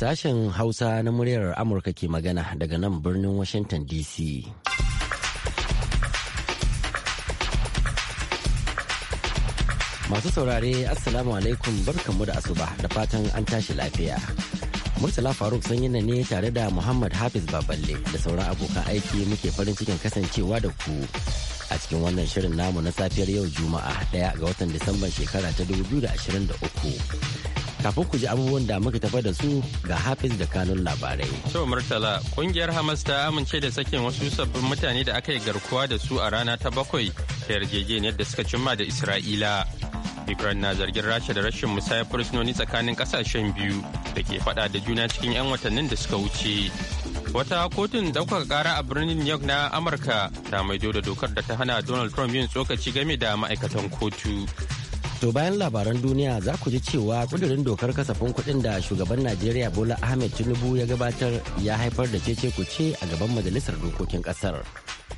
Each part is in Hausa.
Sashen Hausa na muryar Amurka ke magana daga nan birnin Washington DC. Masu saurare Assalamu alaikum barkanmu da asuba da fatan an tashi lafiya. Murtala Faruk sun yana ne tare da Muhammad Hafiz Baballe da sauran abokan aiki muke farin cikin kasancewa da ku a cikin wannan shirin namu na safiyar yau Juma'a ɗaya ga watan Disamban shekara ta 2023. kafin ku ji abubuwan da muka tafa da su ga hafiz da kanun labarai. sau Murtala, kungiyar Hamas ta amince da sakin wasu sabbin mutane da aka yi garkuwa da su a rana ta bakwai ta yarjejeniyar da suka cimma da Isra'ila. Ukraine na zargin Rasha da rashin musayar fursunoni tsakanin kasashen biyu da ke fada da juna cikin 'yan watannin da suka wuce. Wata kotun ɗaukaka kara a birnin New York na Amurka ta maido da dokar da ta hana Donald Trump yin tsokaci game da ma'aikatan kotu. To bayan labaran duniya za ku ji cewa kudurin dokar kasafin kuɗin da shugaban Najeriya Bola Ahmed Tinubu ya gabatar ya haifar da cece kuce a gaban majalisar dokokin ƙasar.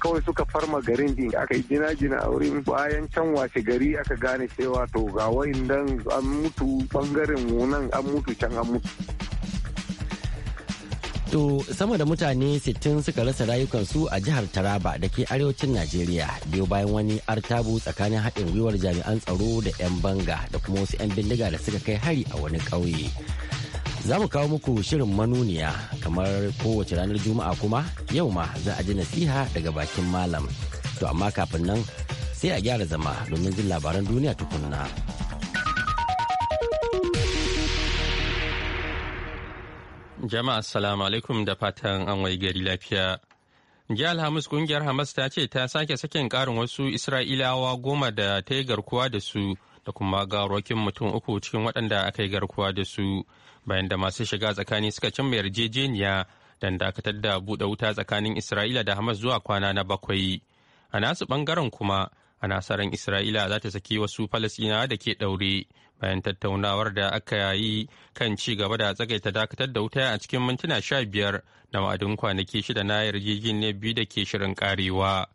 kawai suka farma garin din aka yi jina-jina a wurin bayan can wace gari aka gane cewa to ga wayin an mutu bangaren nan an mutu can an mutu. To sama da mutane 60 suka rasa rayukansu a jihar Taraba da ke arewacin Najeriya biyo bayan wani artabu tsakanin haɗin gwiwar jami'an tsaro da 'yan banga da kuma wasu 'yan bindiga da suka kai hari a wani ƙauye. Za mu kawo muku shirin manuniya kamar kowace ranar Juma'a kuma yau ma za a ji nasiha daga bakin malam. To amma kafin nan sai a gyara zama domin jin labaran duniya tukunna. Jama'a assalamu alaikum da fatan an wai gari lafiya. Jiya Alhamis kungiyar Hamas ta ce ta sake sakin karin wasu Isra'ilawa goma da ta yi garkuwa da su da kuma rokin mutum uku cikin waɗanda aka yi garkuwa da su bayan da masu shiga tsakani suka cimma yarjejeniya Dan dakatar da buɗe wuta tsakanin Isra'ila da Hamas zuwa kwana na bakwai. A nasu ɓangaren kuma a nasarar Isra'ila za ta saki wasu Falasɗinawa da ke ɗaure. bayan tattaunawar da aka yi kan ci gaba da tsagaita dakatar da wuta a cikin mintuna sha biyar na wa'adin kwanaki shida na yarjejeniya biyu da ke shirin karewa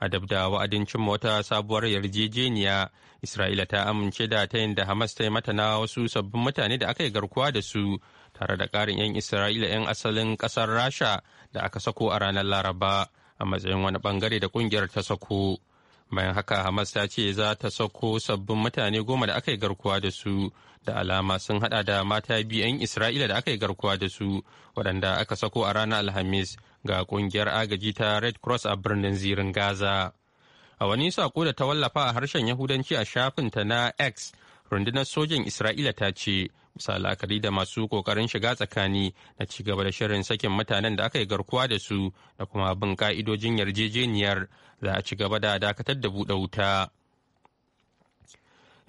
a dab da wa'adin cimma wata sabuwar yarjejeniya isra'ila ta amince da ta yin da hamas ta yi mata na wasu sabbin mutane da aka yi garkuwa da su tare da karin 'yan isra'ila 'yan asalin ƙasar rasha da aka sako a ranar laraba a matsayin wani bangare da ƙungiyar ta sako bayan haka hamas ta ce za ta sauko sabbin mutane goma da aka yi garkuwa da su da alama sun hada da mata biyu 'yan isra'ila da aka yi garkuwa da su waɗanda aka sako a ranar alhamis ga kungiyar agaji ta red cross a birnin zirin gaza a wani sako da ta wallafa a harshen yahudanci a shafinta na x rundunar sojan isra'ila ta ce bisa la'akari da masu kokarin shiga tsakani na ci gaba da shirin sakin mutanen da aka yi garkuwa da su da kuma bin ka'idojin yarjejeniyar za a ci gaba da dakatar da buɗe wuta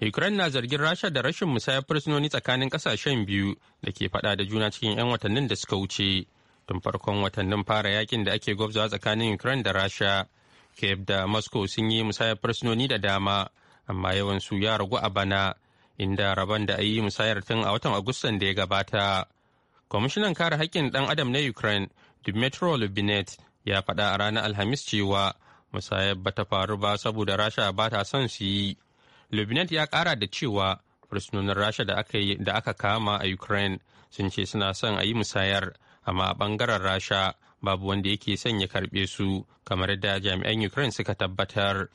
ukraine na zargin rasha da rashin musayar fursunoni tsakanin ƙasashen biyu da ke faɗa da juna cikin 'yan watannin da suka wuce tun farkon watannin fara yakin da ake gwabzawa tsakanin ukraine da rasha kiev da moscow sun yi musayar fursunoni da dama amma yawan su ya ragu a bana inda rabon da a yi musayar tun a watan Agustan da ya gabata. Kwamishinan kare haƙƙin ɗan adam na Ukraine, dimitro Lubinet, ya faɗa a ranar Alhamis cewa musayar ba ta faru ba saboda Rasha ba ta son su yi. Lubinet ya ƙara da cewa fursunonin Rasha da aka, da aka kama a Ukraine sun ce suna son a yi musayar, amma a ɓangaren Rasha babu wanda yake son ya karɓe su kamar da jami'an Ukraine suka tabbatar.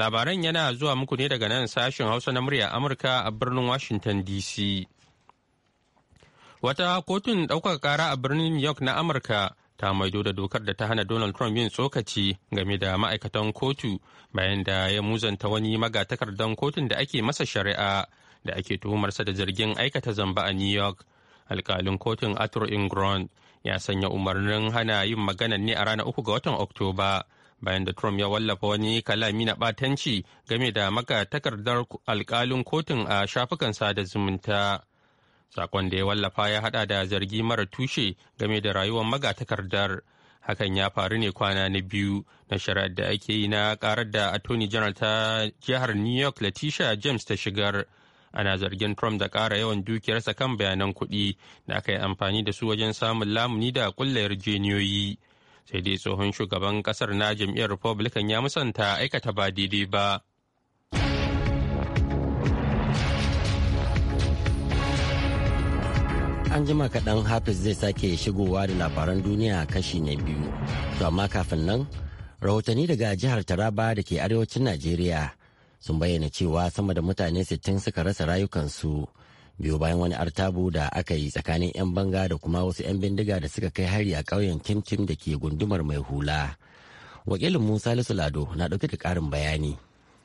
Labaran yana zuwa muku ne daga nan sashen Hausa na murya Amurka a birnin Washington DC. Wata kotun ɗaukaka kara a birnin New York na Amurka ta maido da dokar da ta hana Donald Trump yin tsokaci game da ma'aikatan kotu bayan da ya muzanta wani magatakardan kotun da ake masa shari'a da ake tuhumarsa da jirgin aikata zamba a New York. Alkalin kotun Arthur Ingram ya sanya umarnin hana yin magana ne a ranar uku ga watan Oktoba. bayan da Trump ya wallafa wani kalami na ɓatanci game da maka takardar alkalin kotun a shafukan sada zumunta. Sakon da ya wallafa ya hada da zargi mara tushe game da rayuwar maga takardar Hakan ya faru ne kwana na biyu na shari'ar da ake yi na karar da Attorney General ta jihar New York latisha James ta shigar. Ana zargin Trump da ƙara yawan dukiyarsa kan bayanan kuɗi da aka yi amfani da su wajen samun lamuni da ƙulla yarjeniyoyi. sai dai tsohon shugaban kasar na jam'iyyar republican ya musanta aikata ba daidai ba an jima kaɗan hafiz zai sake shigowa da labaran duniya kashi na biyu to amma kafin nan rahotanni daga jihar taraba da ke arewacin najeriya sun bayyana cewa sama da mutane 60 suka rasa rayukansu biyu bayan wani artabu da aka yi tsakanin 'yan banga da kuma wasu 'yan bindiga da suka kai hari a ƙauyen kimkim da ke gundumar mai hula wakilin musa lado na ɗauke da ƙarin bayani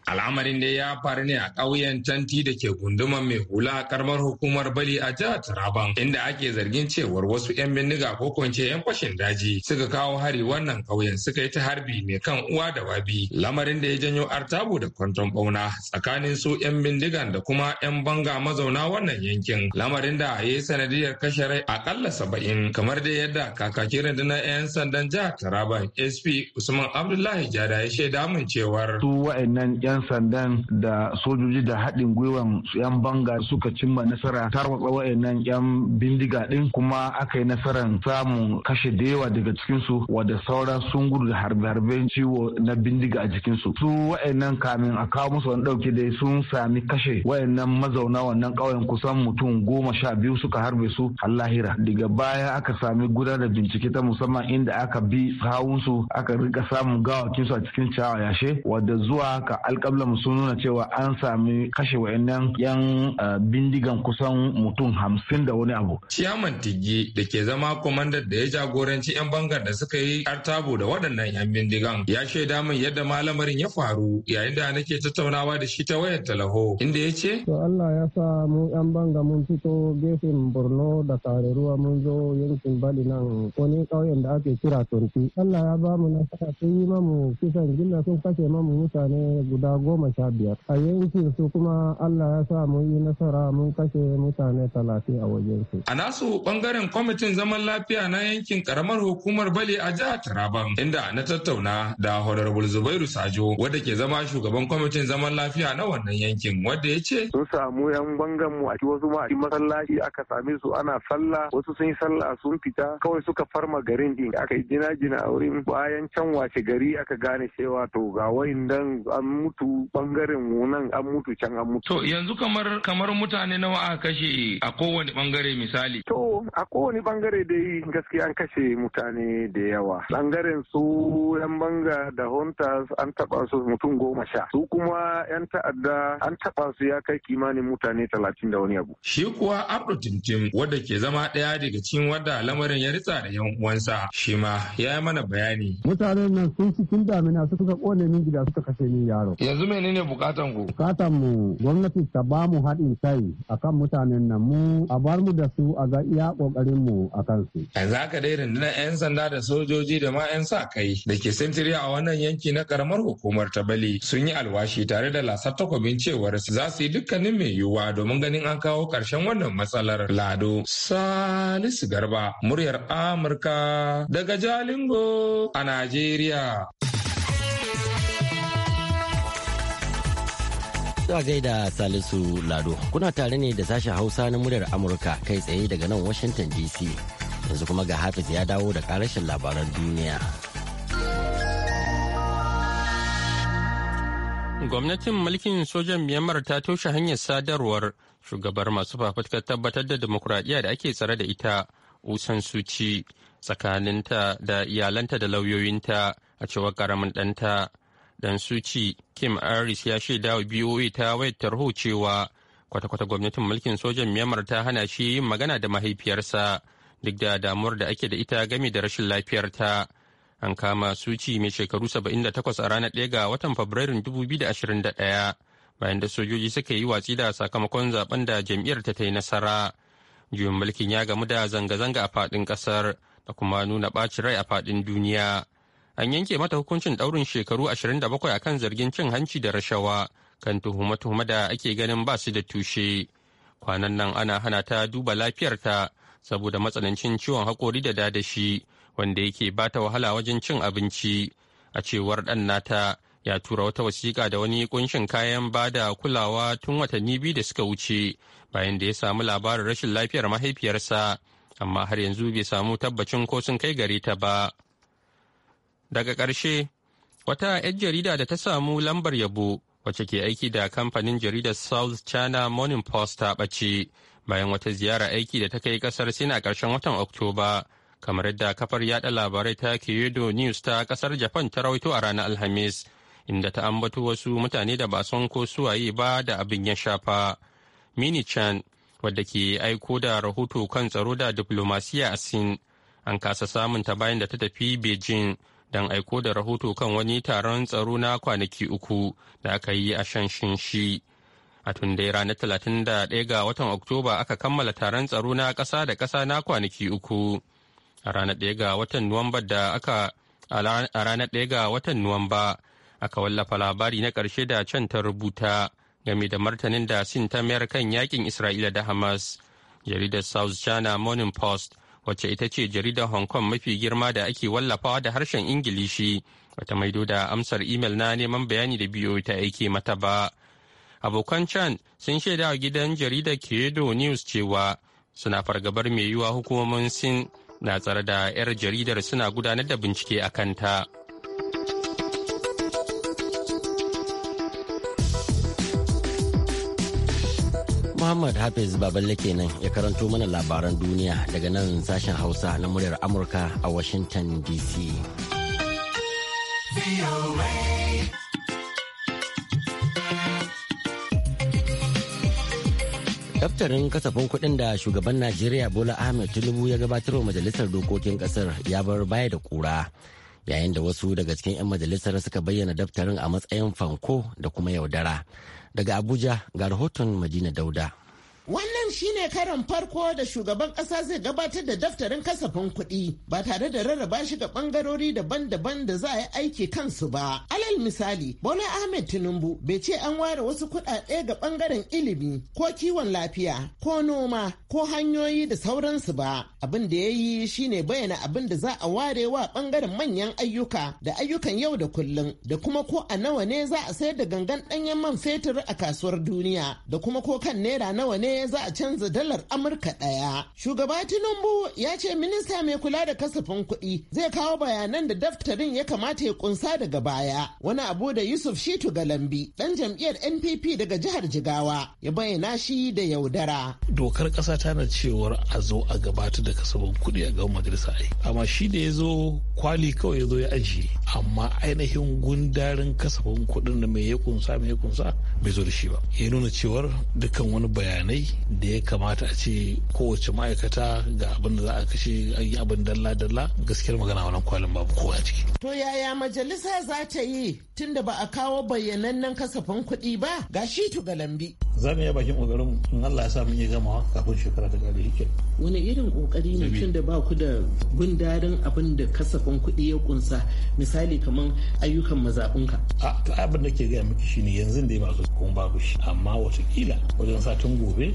Al'amarin da ya faru ne a ƙauyen Tanti da ke gunduman mai hula a karamar hukumar Bali a jihar Taraban inda ake zargin cewar wasu 'yan bindiga ko kwance 'yan fashin daji suka kawo hari wannan ƙauyen suka yi ta harbi mai kan uwa da wabi lamarin da ya janyo artabu da kwanton bauna tsakanin su 'yan bindigan da kuma 'yan banga mazauna wannan yankin lamarin da ya yi sanadiyar kashe rai akalla saba'in kamar dai yadda kakakin rundunar 'yan sandan jihar Taraban SP Usman Abdullahi Jada ya shaida mun cewar. Su wa'annan 'yan 'yan sandan da sojoji da haɗin gwiwan 'yan banga suka cimma nasara tarwatsa nan 'yan bindiga ɗin kuma aka yi nasarar samun kashe da yawa daga cikinsu wadda sauran sun gudu da harbe-harben ciwo na bindiga a jikinsu su wa'annan kamin a kawo musu wani ɗauki dai sun sami kashe wa'annan mazauna wannan ƙauyen kusan mutum goma sha biyu suka harbe su allahira daga baya aka sami gudanar da bincike ta musamman inda aka bi sawunsu aka rika samun gawakinsu a cikin cawa yashe wadda zuwa ka alka kabla sun nuna cewa an sami kashe wayannan yan eh, bindigan kusan mutum hamsin da wani abu. Ciyaman Tigi da ke zama kwamandan da ya jagoranci 'yan bangar da suka yi artabo da waɗannan 'yan bindigan ya shaida min yadda malamarin ya faru yayin da nake tattaunawa da shi ta wayar talaho inda ya ce. To Allah ya sa mu 'yan banga mun fito gefen Borno da ruwa mun zo yankin Bali nan wani ƙauyen da ake kira Tonti. Allah ya ba mu nasara sun yi mamu kisan gilla sun kashe mamu mutane guda A goma sha biyar a yankin su kuma allah ya sa mun yi nasara mun kashe mutane talatin a wajen su a nasu bangaren kwamitin zaman lafiya na yankin karamar hukumar bale a jihar taraban inda na tattauna da honorable zubairu sajo wadda ke zama shugaban kwamitin zaman lafiya na wannan yankin wadda ya ce sun samu yan bangan mu a wasu ma a masallaci aka same su ana sallah wasu sun yi sallah sun fita kawai suka farma garin din aka yi jina-jina a wurin bayan can wace gari aka gane cewa to ga wayin an mutu mutu bangaren mu an mutu can an mutu. To yanzu kamar kamar mutane nawa aka kashe a kowane bangare misali. To a kowane bangare da yi gaskiya an kashe mutane da yawa bangaren su yan banga da hunters an taba su mutum goma sha su kuma yan ta'adda an taba su ya kai kimanin mutane talatin da wani abu shi kuwa abdu tintin wadda ke zama ɗaya daga cikin wadda lamarin ya ritsa da yan uwansa shi ma ya yi mana bayani mutanen nan sun cikin damina su suka kone min gida suka kashe min yaro yanzu menene bukatan ku bukatan mu gwamnati ta ba mu haɗin kai akan mutanen nan mu a bar mu da su a ga iya kokarin mu a kansu. Yanzu haka dai rundunar 'yan sanda da sojoji da ma 'yan sa kai da ke sintiri a wannan yanki na karamar hukumar ta Bali sun yi alwashi tare da lasa takobin cewar za su yi dukkanin mai yiwuwa domin ganin an kawo ƙarshen wannan matsalar. Lado Salisu Garba muryar Amurka daga Jalingo a Najeriya. Zuwa gaida Salisu Lado, kuna tare ne da sashen Hausa na muryar Amurka kai tsaye daga nan Washington DC. Yanzu kuma ga Hafiz ya dawo da karashin labaran duniya. Gwamnatin mulkin sojan Myanmar ta toshe hanyar sadarwar shugabar masu fafutukar tabbatar da demokuraɗiyya da ake tsare da ita Usan Suci tsakaninta da iyalanta da lauyoyinta a cewar karamin ɗanta. Dan Suci Kim Aris ya shaida wa BOA ta wayar tarho cewa kwata-kwata gwamnatin mulkin sojan Myanmar ta hana shi yin magana da mahaifiyarsa duk da damuwar da ake da ita game da rashin lafiyarta. An kama Suci mai shekaru 78 a ranar 1 ga watan Fabrairun 2021 bayan da sojoji suka yi watsi da sakamakon zaben da jam'iyyar ta yi nasara. Juyin mulkin ya gamu da zanga-zanga a faɗin ƙasar da kuma nuna ɓacin rai a faɗin duniya. an yanke mata hukuncin ɗaurin shekaru 27 kan zargin cin hanci da rashawa kan tuhume-tuhume da ake ganin ba su da tushe. Kwanan nan ana hana ta duba lafiyarta saboda matsanancin ciwon haƙori da dadashi wanda yake ba ta wahala wajen cin abinci. A cewar ɗan nata ya tura wata wasiƙa da wani ƙunshin kayan ba da kulawa tun watanni biyu da suka wuce bayan da ya samu labarin rashin lafiyar mahaifiyarsa amma har yanzu bai samu tabbacin ko sun kai gare ta ba. Daga ƙarshe, wata 'yar jarida da ta samu lambar yabo wacce ke aiki da kamfanin jaridar South China Morning Post ta ɓace bayan wata ziyara aiki da ta kai ƙasar Sin a ƙarshen watan Oktoba, kamar yadda kafar yada labarai ta Kyodo News ta ƙasar Japan ta rawaito a ranar Alhamis, inda ta ambato wasu mutane da ba son ko suwaye ba da abin ya shafa. Mini Chan, wadda ke aiko da rahoto kan tsaro da diplomasiya a Sin, an kasa samun ta bayan da ta tafi Beijing. don aiko da rahoto kan wani taron tsaro na kwanaki uku da aka yi a shan shi. A tun dai ranar 31 ga watan Oktoba aka kammala taron tsaro na ƙasa da kasa na kwanaki uku. A ranar 1 ga watan Nuwamba da aka a ranar 1 ga watan Nuwamba aka wallafa labari na ƙarshe da can ta rubuta game da martanin da Sin ta mayar kan yakin Isra'ila da Hamas. Jaridar South China Morning Post wacce ita ce jaridar hong kong mafi girma da ake wallafawa da harshen ingilishi wata maido da amsar imel na neman bayani da biyo ta aike mata ba abokan chan sun shaida wa gidan jaridar kedo news cewa suna fargabar mai yiwuwa hukumomin sin na tsare da 'yar jaridar suna gudanar da bincike a kanta. Muhammad Hafiz Baballe kenan ya karanto mana labaran duniya daga nan sashen Hausa na muryar Amurka a Washington DC. Daftarin kasafin kudin da shugaban Najeriya Bola Ahmed Tinubu ya gabatar wa Majalisar Dokokin kasar ya bar baya da kura. yayin da wasu daga cikin 'yan majalisar suka bayyana daftarin a matsayin fanko da kuma yaudara daga abuja ga rahoton madina dauda Wannan shine karan farko da shugaban ƙasa zai gabatar da daftarin kasafin kuɗi ba tare da rarraba shi ga ɓangarori daban-daban da za a yi aiki kansu ba. Alal misali, Bola Ahmed Tinubu bai ce an ware wasu kuɗaɗe ga ɓangaren ilimi ko kiwon lafiya ko noma ko hanyoyi da sauransu ba. Abin da ya yi shine bayyana abin da za a ware wa ɓangaren manyan ayyuka da ayyukan yau da kullum da kuma ko a nawa ne za a sayar da gangan ɗanyen man fetur a kasuwar duniya da kuma ko kan naira nawa ne ne za a canza dalar Amurka ɗaya. Shugaba Tinubu ya ce minista mai kula da kasafin kuɗi zai kawo bayanan da daftarin ya kamata ya kunsa daga baya. Wani abu da Yusuf Shitu Galambi, ɗan jam'iyyar NPP daga jihar Jigawa, ya bayyana shi da yaudara. Dokar ƙasa tana cewar a zo a gabatar da kasafin kuɗi a gaban majalisa ai. Amma shi da ya zo kwali kawai ya zo ya ajiye. Amma ainihin gundarin kasafin kuɗin da mai ya kunsa mai ya kunsa bai zo da shi ba. Ya nuna cewar dukkan wani bayanai da ya kamata a ce kowace ma'aikata ga abin da za a kashe an yi abin dalla-dalla gaskiyar magana wannan kwalin babu kowa ciki. To yaya majalisa za ta yi tunda ba a kawo bayyanannen kasafin kuɗi ba ga shi lambi. Za mu iya bakin ƙoƙarin in Allah ya sa mun iya gamawa kafin shekara ta gari yake. Wani irin ƙoƙari ne tunda ba ku da gundarin abin da kasafin kuɗi ya kunsa misali kamar ayyukan mazaɓunka. A abin da ke gaya miki shine yanzu dai ba su kun babu shi amma watakila wajen satin gobe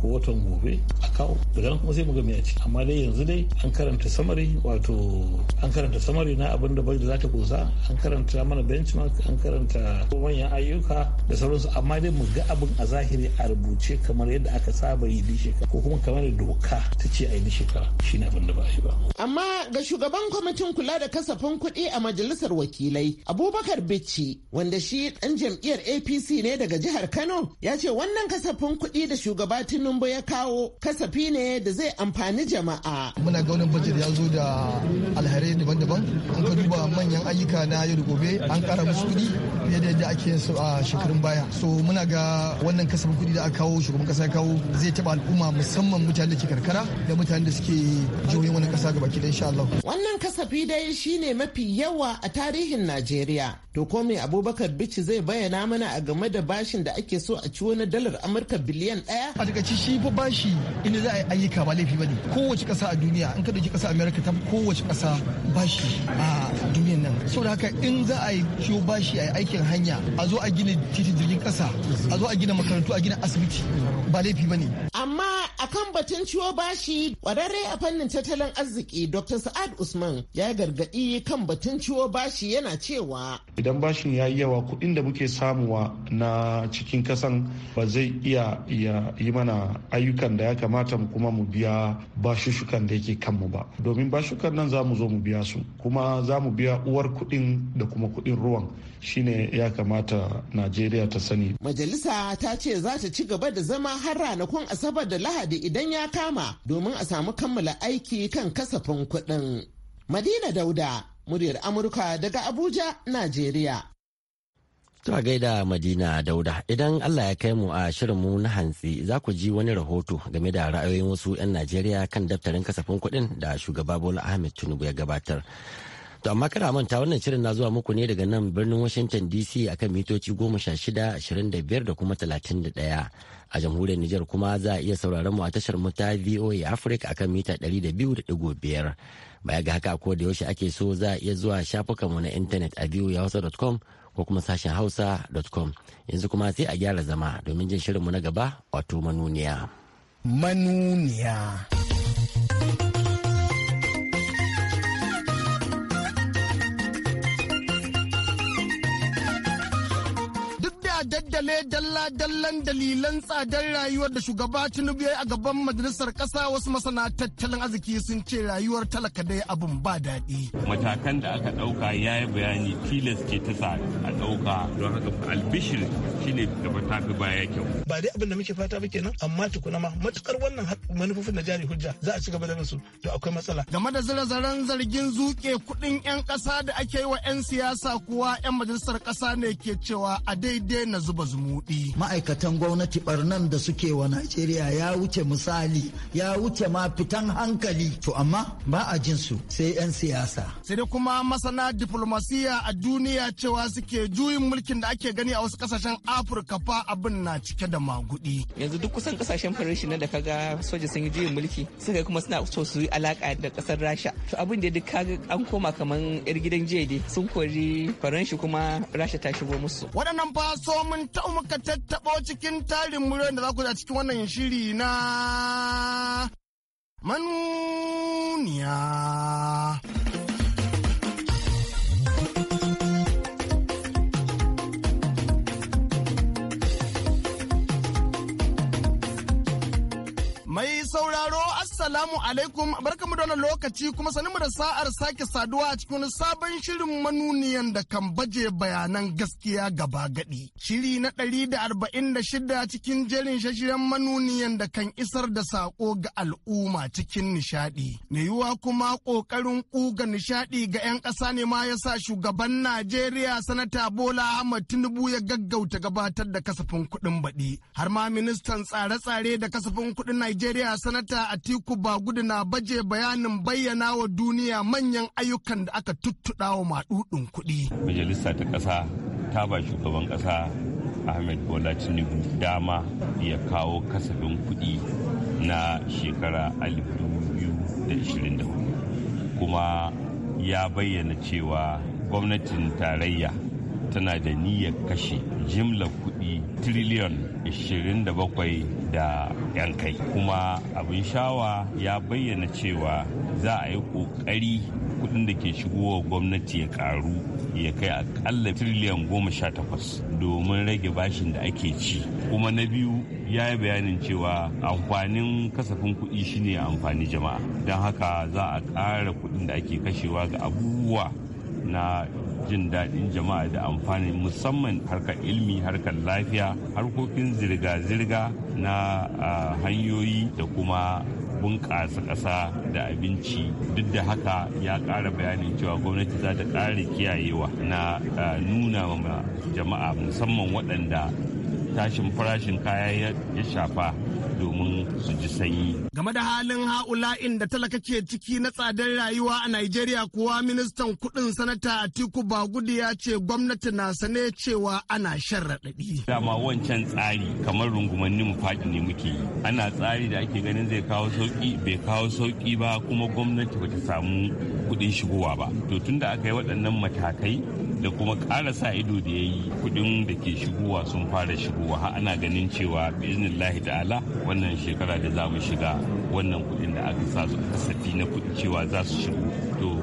ko watan gobe a kawo daga kuma sai mu ga a ciki amma dai yanzu dai an karanta samari wato an karanta samari na abin da bai da za ta kusa an karanta mana benchmark an karanta manyan ayyuka da sauransu amma dai mu ga abin a zahiri a rubuce kamar yadda aka saba yi shekara ko kuma kamar doka ta ce a yi shekara shi ne abin da ba shi ba. amma ga shugaban kwamitin kula da kasafin kuɗi a majalisar wakilai abubakar bichi wanda shi dan jam'iyyar apc ne daga jihar kano ya ce wannan kasafin kuɗi da shugaba tinubu ba ya kawo kasafi ne da zai amfani jama'a muna ga wannan ya zo da alharai daban-daban an ka duba manyan ayyuka na yau da gobe an kara musu kuɗi fiye da yadda ake su a shekarun baya so muna ga wannan kasafin kuɗi da aka kawo shugaban kasa kawo zai taɓa al'umma musamman mutane da ke karkara da mutane da suke jihohin wani kasa gaba ki insha Allah wannan kasafi dai shine mafi yawa a tarihin Najeriya to ko me Abubakar Bichi zai bayyana mana a game da bashin da ake so a ciwo na dalar Amurka biliyan ɗaya a shi fa bashi inda za a yi ayyuka ba laifi bane kowace ƙasa a duniya in ka dauki ƙasa America ta kowace ƙasa bashi a duniyar nan saboda haka in za a yi ciwo bashi a yi aikin hanya a zo a gina titi jirgin ƙasa a zo a gina makarantu a gina asibiti ba laifi bane amma akan batun ciwo bashi kwararre a fannin tattalin arziki Dr. Sa'ad Usman ya gargadi kan batun ciwo bashi yana cewa idan bashin ya yi yawa kuɗin da muke samuwa na cikin kasan ba zai iya yi mana ayyukan da ya kamata mu kuma mu biya bashushukan da yake kanmu ba domin bashukan nan za mu zo mu biya su kuma za mu biya uwar kuɗin da kuma kuɗin ruwan shine ya kamata najeriya ta sani majalisa ta ce za ta ci gaba da zama har ranakun asabar da lahadi idan ya kama domin a samu kammala aiki kan kasafin kuɗin madina dauda muryar amurka daga abuja najeriya a gaida Madina Dauda idan Allah ya kai mu a shirinmu na hantsi za ku ji wani rahoto game da ra'ayoyin wasu 'yan Najeriya kan daftarin kasafin kuɗin da shugaba Bola Ahmed Tinubu ya gabatar. To amma kada manta wannan shirin na zuwa muku ne daga nan birnin Washington DC akan mitoci goma sha da kuma talatin A jamhuriyar Nijar kuma za a iya sauraron mu a tashar mu ta VOA Africa akan mita ɗari da biyu da Baya ga haka ko da yaushe ake so za a iya zuwa shafukanmu na intanet a voahausa.com ko kuma sashen hausa.com yanzu kuma sai a gyara zama domin jin shirinmu na gaba wato manuniya. Manuniya. daddale dalla-dallan dalilan tsadar rayuwar da shugaba Tinubu ya yi a gaban majalisar kasa wasu masana tattalin arziki sun ce rayuwar talaka dai abin ba daɗi. Matakan da aka ɗauka ya yi bayani tilas ke ta sa a ɗauka don haka albishir shine gaba ta fi baya kyau. Ba dai abin da muke fata ba kenan amma tukuna ma matukar wannan manufofin na jari hujja za a ci gaba da su to akwai matsala. Game da zira-zaren zargin zuke kuɗin 'yan ƙasa da ake yi wa 'yan siyasa kuwa 'yan majalisar ƙasa ne ke cewa a daidai daina zuba zumuɗi. Ma'aikatan gwamnati barnan da suke wa Najeriya ya wuce misali ya wuce ma fitan hankali to amma ba a jin su sai 'yan siyasa. Sai dai kuma masana diplomasiya a duniya cewa suke juyin mulkin da ake gani a wasu kasashen Afirka fa abin na cike da magudi. Yanzu duk kusan kasashen farashi na da kaga soja sun yi juyin mulki suka kuma suna so su yi alaka da kasar Rasha. To abin da duk an koma kamar yar gidan jiya sun kori faranshi kuma Rasha ta shigo musu. Waɗannan fa so mun taɓa muka tattaɓo cikin tarin muryar da za ku da cikin wannan shiri na manuniya. Mai sauraro Assalamu alaikum barkamu da wannan lokaci kuma mu da sa'ar sake saduwa a cikin sabon shirin manuniyan da kan baje bayanan gaskiya gaba gadi. Shiri na ɗari da arba'in da shida cikin jerin shashiren manuniyan da kan isar da sako ga al'umma cikin nishaɗi. Me yiwuwa kuma ƙoƙarin ƙuga nishaɗi ga 'yan ƙasa ne ma yasa shugaban Najeriya sanata Bola Ahmad Tinubu ya gaggauta gabatar da kasafin kuɗin baɗi. Har ma ministan tsare-tsare da kasafin kuɗin Najeriya sanata Atiku ba gudu na baje bayanin bayyana wa duniya manyan ayyukan da aka tuttuɗa wa maɗuɗin kuɗi. Majalisa ta ƙasa ta ba shugaban ƙasa Ahmed Bola Tinubu dama ya kawo kasafin kuɗi na shekara 2024 kuma ya bayyana cewa gwamnatin tarayya tana da niyyar kashe jimla kuɗi tiriliyon 27 da 'yan kai kuma abin shawa ya bayyana cewa za a yi ƙoƙari kuɗin da ke shigowa gwamnati ya ƙaru ya kai aƙalla tiriliyan 18 domin rage bashin da ake ci kuma na biyu ya yi bayanin cewa amfanin kasafin kuɗi shine amfani jama'a don haka za a ƙara kuɗin da ake kashewa ga abubuwa na jin daɗin jama'a da amfani musamman harkar ilmi harkar lafiya harkokin zirga-zirga na hanyoyi da kuma bunƙasa ƙasa da abinci duk da haka ya ƙara bayanin cewa gwamnati za ta ƙara kiyayewa na nuna ma jama'a musamman waɗanda tashin farashin kaya ya shafa domin su ji sanyi. Game da halin ha'ula'in da talaka ke ciki na tsadar rayuwa a Najeriya kuwa ministan kuɗin sanata Atiku Bagudu ya ce gwamnati na sane cewa ana shan raɗaɗi. Dama wancan tsari kamar rungumanni mu faɗi ne muke yi. Ana tsari da ake ganin zai kawo sauƙi bai kawo sauƙi ba kuma gwamnati bata samu kuɗin shigowa ba. To tunda aka yi waɗannan matakai da kuma ƙara sa ido da ya yi kuɗin da ke shigowa sun fara shigowa har ana ganin cewa biznillahi ta'ala wannan shekara da za mu shiga wannan kuɗin da aka sa su kasafi na kuɗi cewa za su shigo to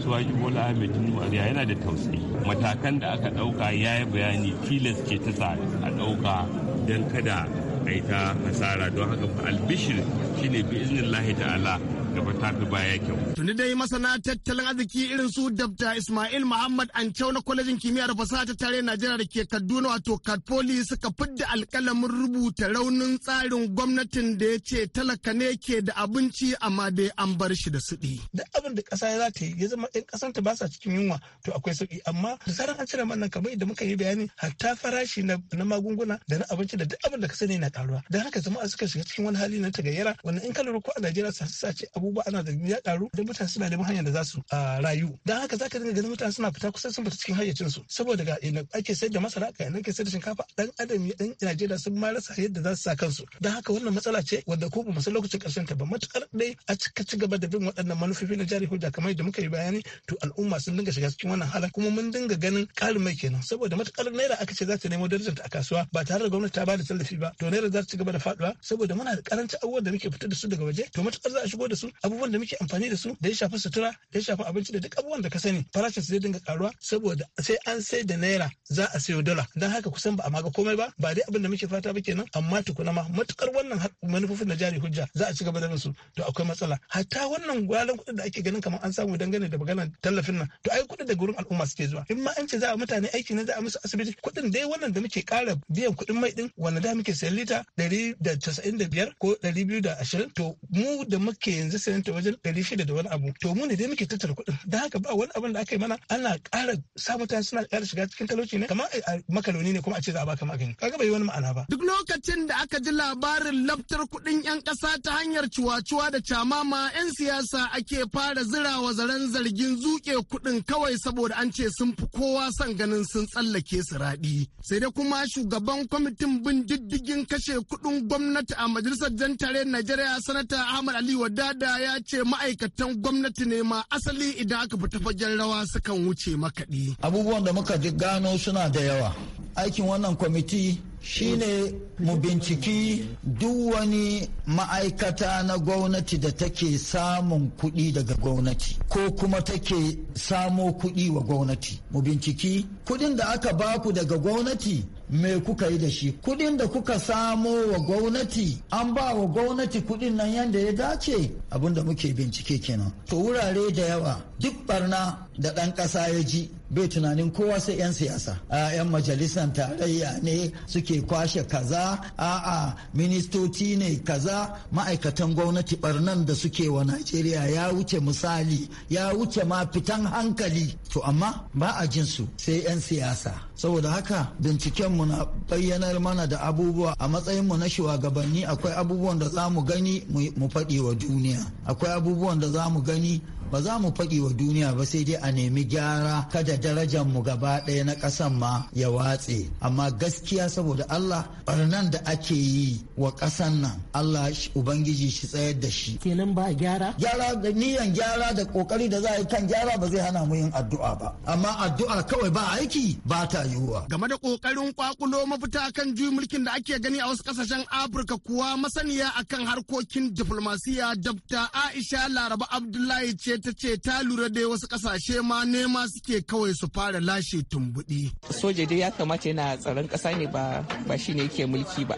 suwaji bola ahmed tinubu yana da tausayi matakan da aka ɗauka ya yi bayani tilas ke ta sa a ɗauka don kada a yi ta hasara don haka albishir shine bi ta'ala gaba ta ya kyau. Tuni dai masana tattalin arziki irin su Dabta Ismail Muhammad Ancau na kwalejin kimiyya da fasaha ta tare Najeriya da ke Kaduna wato Katfoli suka fidda alkalamin rubuta raunin tsarin gwamnatin da ya ce talaka ne ke da abinci amma dai an bar shi da suɗi. da abin da ƙasa ya za ta yi ya zama ɗan ƙasar ta ba sa cikin yunwa to akwai sauƙi amma da zarar an cire wannan kamar yadda muka yi bayani hatta farashi na magunguna da na abinci da duk abin da ka sani na ƙaruwa. Da haka jama'a suka shiga cikin wani hali na tagayyara wannan in ka lura ko a Najeriya sa sace abu abubuwa ana da ya karu da mutane suna neman hanyar da za su rayu dan haka zaka dinga ganin mutane suna fita kusan sun fita cikin hayyacin su saboda ga ina ake sayar da masara ga ina ake sayar da shinkafa dan adam ya dan Najeriya sun ma rasa yadda za su sa kansu dan haka wannan matsala ce wanda ko ba san lokacin karshen ta ba matukar dai a cika ci gaba da bin waɗannan manufofi na jari hujja kamar yadda muka yi bayani to al'umma sun dinga shiga cikin wannan halin kuma mun dinga ganin ƙarin mai kenan saboda matukar naira aka ce za ta nemo darajar ta a kasuwa ba tare da gwamnati ta ba da tallafi ba to naira za ta ci gaba da faduwa saboda muna da karanci da muke fitar da su daga waje to matukar za a shigo da su abubuwan da muke amfani da su da ya shafi sutura da ya shafi abinci da duk abubuwan da ka sani farashin su zai dinga karuwa saboda sai an sai da naira za a sayo dala don haka kusan ba a maga komai ba ba dai abin da muke fata ba kenan amma tukuna ma matukar wannan manufofin na jari hujja za a ci gaba da su to akwai matsala hatta wannan gwalan kuɗin da ake ganin kamar an samu dangane da maganar tallafin nan to ai kuɗi da gurin al'umma suke zuwa in ma an ce za a mutane aiki ne za a musu asibiti kuɗin dai wannan da muke ƙara biyan kuɗin mai ɗin wanda da muke sayan lita ɗari da casa'in da biyar ko ɗari biyu da ashirin to mu da muke yanzu sayan ta wajen ɗari shida da wani abu to mu ne dai muke tattara kuɗin don haka ba wani abin da aka yi mana ana ƙara sa mutane suna ƙara shiga cikin talauci ne kamar a makaroni ne kuma a ce za a baka magani kaga bai wani ma'ana ba duk lokacin da aka ji labarin laftar kuɗin 'yan ƙasa ta hanyar cuwa-cuwa da camama 'yan siyasa ake fara zirawa zaren zargin zuƙe kuɗin kawai saboda an ce sun fi kowa son ganin sun tsallake su raɗi sai dai kuma shugaban kwamitin bin diddigin kashe kuɗin gwamnati a majalisar jantare najeriya sanata ahmad ali wadada da ya ce ma'aikatan gwamnati ne ma asali idan aka fita fagen rawa sukan wuce makaɗi. Abubuwan da muka ji gano suna da yawa. Aikin wannan kwamiti shi ne mu binciki duk wani ma'aikata na gwamnati da take samun kuɗi daga gwamnati ko kuma take samo kuɗi wa gwamnati mu binciki kuɗin da aka baku daga gwamnati me kuka yi da shi kudin da kuka samo wa gwamnati an ba wa gwamnati kudin nan yadda ya dace abin da muke bincike kenan to wurare da yawa duk barna da ɗan ƙasa ya ji bai tunanin kowa sai 'yan siyasa a 'yan majalisar tarayya ne suke kwashe kaza a'a ministoci ne kaza ma'aikatan gwamnati barnan da suke wa najeriya ya wuce misali ya wuce ma fitan hankali to amma ba a jinsu sai 'yan siyasa saboda haka bincikenmu na bayyanar mana da abubuwa a matsayinmu na shugabanni akwai abubuwan da za mu gani mu faɗi wa duniya akwai abubuwan da za mu gani ba za mu faɗi wa duniya ba sai dai a nemi gyara kada darajar mu gaba ɗaya na ƙasan ma ya watse amma gaskiya saboda Allah barnan da ake yi wa ƙasan nan Allah ubangiji shi tsayar da shi kenan ba gyara gyara da niyan gyara da kokari da za a yi kan gyara ba zai hana mu yin addu'a ba amma addu'a kawai ba aiki ba ta yiwuwa game da kokarin kwakulo mafita kan juyin mulkin da ake gani a wasu kasashen Afirka kuwa masaniya akan harkokin diplomasiya Dr. Aisha Laraba Abdullahi ce ta ce ta lura dai wasu kasashe ma nema suke kawai su fara lashe tumbuɗi. soja dai ya kamata yana tsaron ƙasa ne ba ba ne yake mulki ba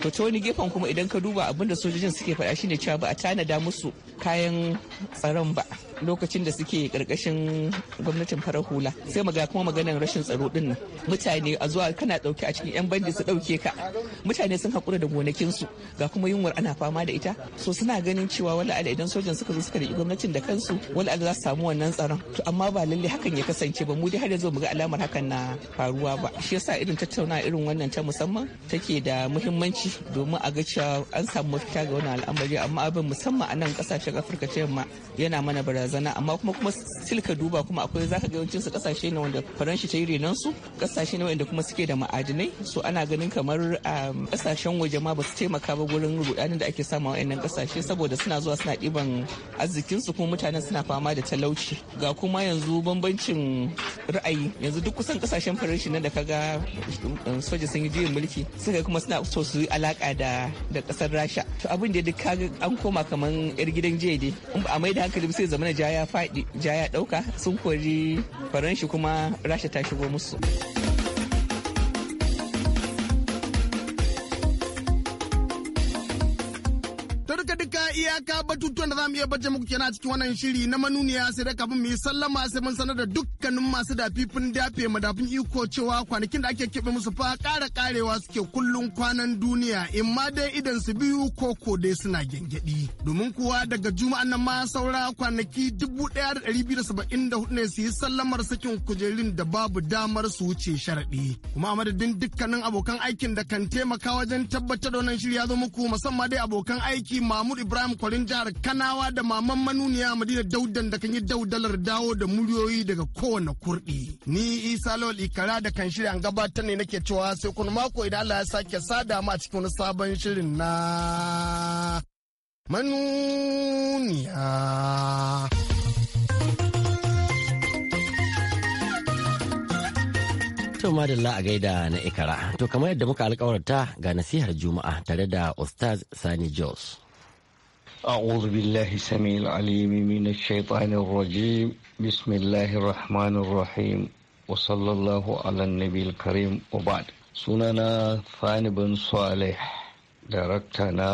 to ta wani gefen kuma idan ka duba abin da sojojin suke faɗa shine cewa ba a tanada musu kayan tsaron ba lokacin da suke karkashin gwamnatin farar hula sai maga kuma maganar rashin tsaro din nan mutane a zuwa kana dauke a cikin yan bandi su dauke ka mutane sun hakura da gonakin su ga kuma yunwar ana fama da ita so suna ganin cewa wala ala idan sojan suka zo suka da gwamnatin da kansu wala ala za su samu wannan tsaron to amma ba lalle hakan ya kasance ba mu dai har yanzu mu ga alamar hakan na faruwa ba shi yasa irin tattauna irin wannan ta musamman take da muhimmanci domin a ga cewa an samu mafita ga wannan al'amari amma abin musamman a nan kasashen afirka ta yamma yana mana barazana zana amma kuma kuma silka duba kuma akwai zaka ga yawancin su kasashe ne wanda faranshi ta yi renon su kasashe ne wanda kuma suke da ma'adinai so ana ganin kamar kasashen um, waje ma ba su taimaka ba gurin rudanin da ake samu a wayannan kasashe saboda suna zuwa suna diban arzikin su kuma mutanen suna fama da talauci ga kuma yanzu bambancin ra'ayi yanzu duk kusan kasashen faranshi nan da kaga um, soja sun yi juyin mulki suka kuma suna so su yi alaka da da kasar rasha to abin da duk kaga an koma kaman yar gidan jiya dai in ba a mai da hankali sai ja ya faɗi ja ya ɗauka sun kori faranshi kuma rasha ta shigo musu. za mu iya baje muku kenan a cikin wannan shiri na manuniya sai dai kafin mu yi sallama sai mun sanar da dukkanin masu dafifin dafe madafin iko cewa kwanakin da ake keɓe musu fa ƙara ƙarewa suke kullun kwanan duniya in ma dai idan su biyu ko ko dai suna gyangyaɗi. Domin kuwa daga juma'an nan ma saura kwanaki dubu ɗaya da ɗari biyu da saba'in da hudu ne su yi sallamar sakin kujerun da babu damar su wuce sharaɗi. Kuma a madadin dukkanin abokan aikin da kan taimaka wajen tabbatar da wannan shiri ya zo muku musamman dai abokan aiki Mahmud Ibrahim Kwarin jihar Kana Adamawa da maman manuniya Madina Daudan da kan yi daudalar dawo da muryoyi daga kowane kurɗi. Ni Isa Lawal Ikara da kan shirya gabatar ne nake cewa sai kun mako idan Allah ya sake sada ma cikin wani sabon shirin na manuniya. To madalla a gaida na ikara. To kamar yadda muka alkawarta ga nasihar Juma'a tare da Ustaz Sani Jos. أعوذ بالله السميع العليم من الشيطان الرجيم بسم الله الرحمن الرحيم وصلى الله على النبي الكريم وبعد sunana fani bin saleh darakta na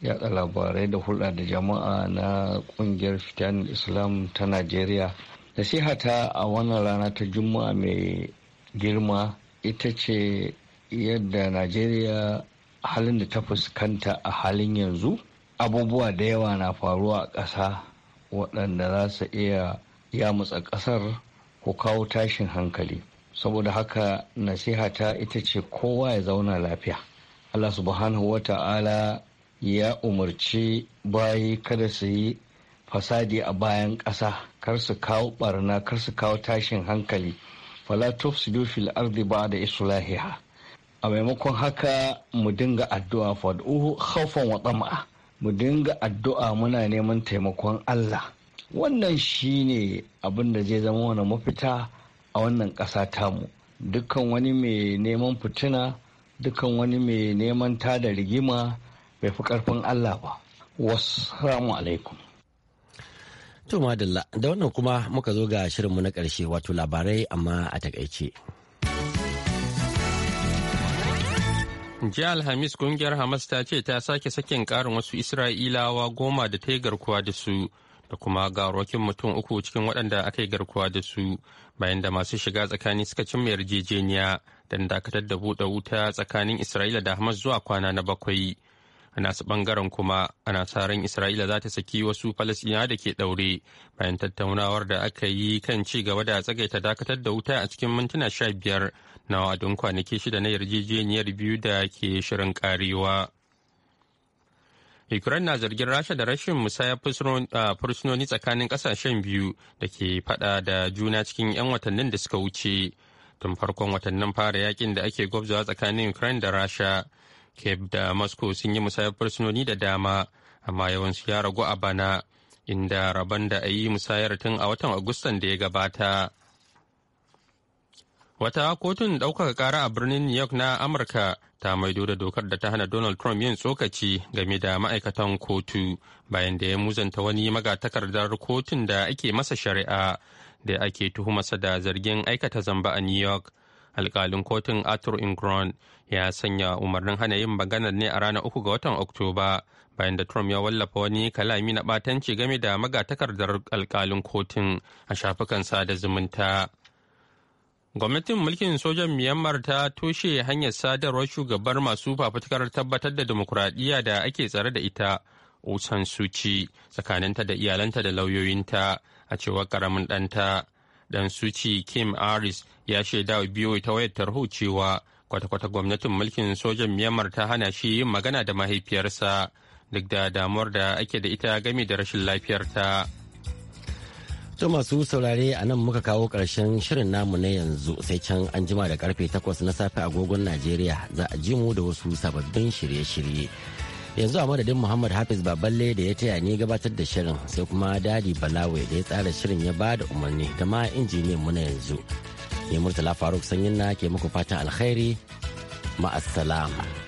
yada labarai da hulɗa da jama'a na ƙungiyar fitan islam ta najeriya nasihata a wannan rana ta juma'a mai girma ita ce yadda najeriya halin da ta fuskanta a halin yanzu abubuwa da yawa na faruwa a ƙasa waɗanda za su iya yamutsa ƙasar ko kawo tashin hankali saboda haka nasihata ita ce kowa ya zauna lafiya allah subhanahu wa ta'ala ya umarci bayi kada su yi fasadi a bayan ƙasa kar su kawo barna kar su kawo tashin hankali fala tufsidu fil da isu Lahiya. a maimakon haka mu dinga addu'a fad'uhu khawfan wa tama'a mu dinga addu'a muna neman taimakon Allah wannan shine abin da zai zama wani mafita a wannan ƙasa tamu dukkan wani mai neman fitina dukkan wani mai neman tada rigima bai fi ƙarfin Allah ba wasu alaikum to madalla da wannan kuma muka zo ga shirinmu na ƙarshe wato labarai amma a takaice. jiya alhamis kungiyar hamas ta ce ta sake sakin karin wasu isra'ilawa goma da ta yi garkuwa da su da kuma garokin mutum uku cikin waɗanda aka yi garkuwa da su bayan da masu shiga tsakani suka cimma yarjejeniya don dakatar da buɗe wuta tsakanin isra'ila da hamas zuwa kwana na bakwai a nasu ɓangaren kuma ana sa ran isra'ila za ta saki wasu falasɗina da ke ɗaure bayan tattaunawar da aka yi kan ci gaba da tsagaita dakatar da wuta a cikin mintuna sha biyar na wa'adin kwanaki shida na yarjejeniyar biyu da ke shirin karewa. Ukraine na zargin Rasha da rashin musayar ah, fursunoni tsakanin kasashen biyu da ke fada da juna cikin 'yan watannin da suka wuce. Tun farkon watannin fara yakin da ake gwabzawa tsakanin Ukraine da Rasha, kev da Moscow sun yi musayar fursunoni da dama, amma yawansu ya ragu a bana, inda rabon da a yi musayar tun a watan Agustan da ya gabata. Wata kotun ɗaukaka ƙara a birnin New York na Amurka ta maido da dokar da ta hana Donald Trump yin tsokaci game da ma'aikatan kotu bayan da ya muzanta wani magatakardar kotun da ake masa shari'a da ake tuhumasa da zargin aikata zamba a New York. Alƙalin kotun Arthur Ingron ya sanya umarnin hana yin magana ne a ranar uku ga watan Oktoba bayan da Trump ya wallafa wani kalami na ɓatanci game da magatakardar alkalin kotun a shafukan sada zumunta. Gwamnatin mulkin sojan Myanmar ta toshe hanyar sadarwar shugabar masu fafutukar tabbatar da demokuraɗiyya da ake tsare da ita usan suci tsakaninta da iyalanta da lauyoyinta a cewar karamin ɗanta. Dan suci Kim Aris ya shaida shaidawa biyo ta wayar tarho cewa kwata-kwata gwamnatin mulkin sojan Myanmar ta hana shi yin magana da mahaifiyarsa duk da damuwar da ake da ita game da rashin lafiyarta. To masu saurare a nan muka kawo ƙarshen shirin namu na yanzu sai can an jima da karfe takwas na safe agogon Najeriya za a ji mu da wasu sababbin shirye-shirye. Yanzu a madadin Muhammad Hafiz Baballe da ya taya ni gabatar da shirin sai kuma Dadi Balawe da ya tsara shirin ya ba da umarni da ma injiniyan mu na yanzu. Ni Murtala Faruk Sanyin na ke muku fatan alkhairi ma'asalama.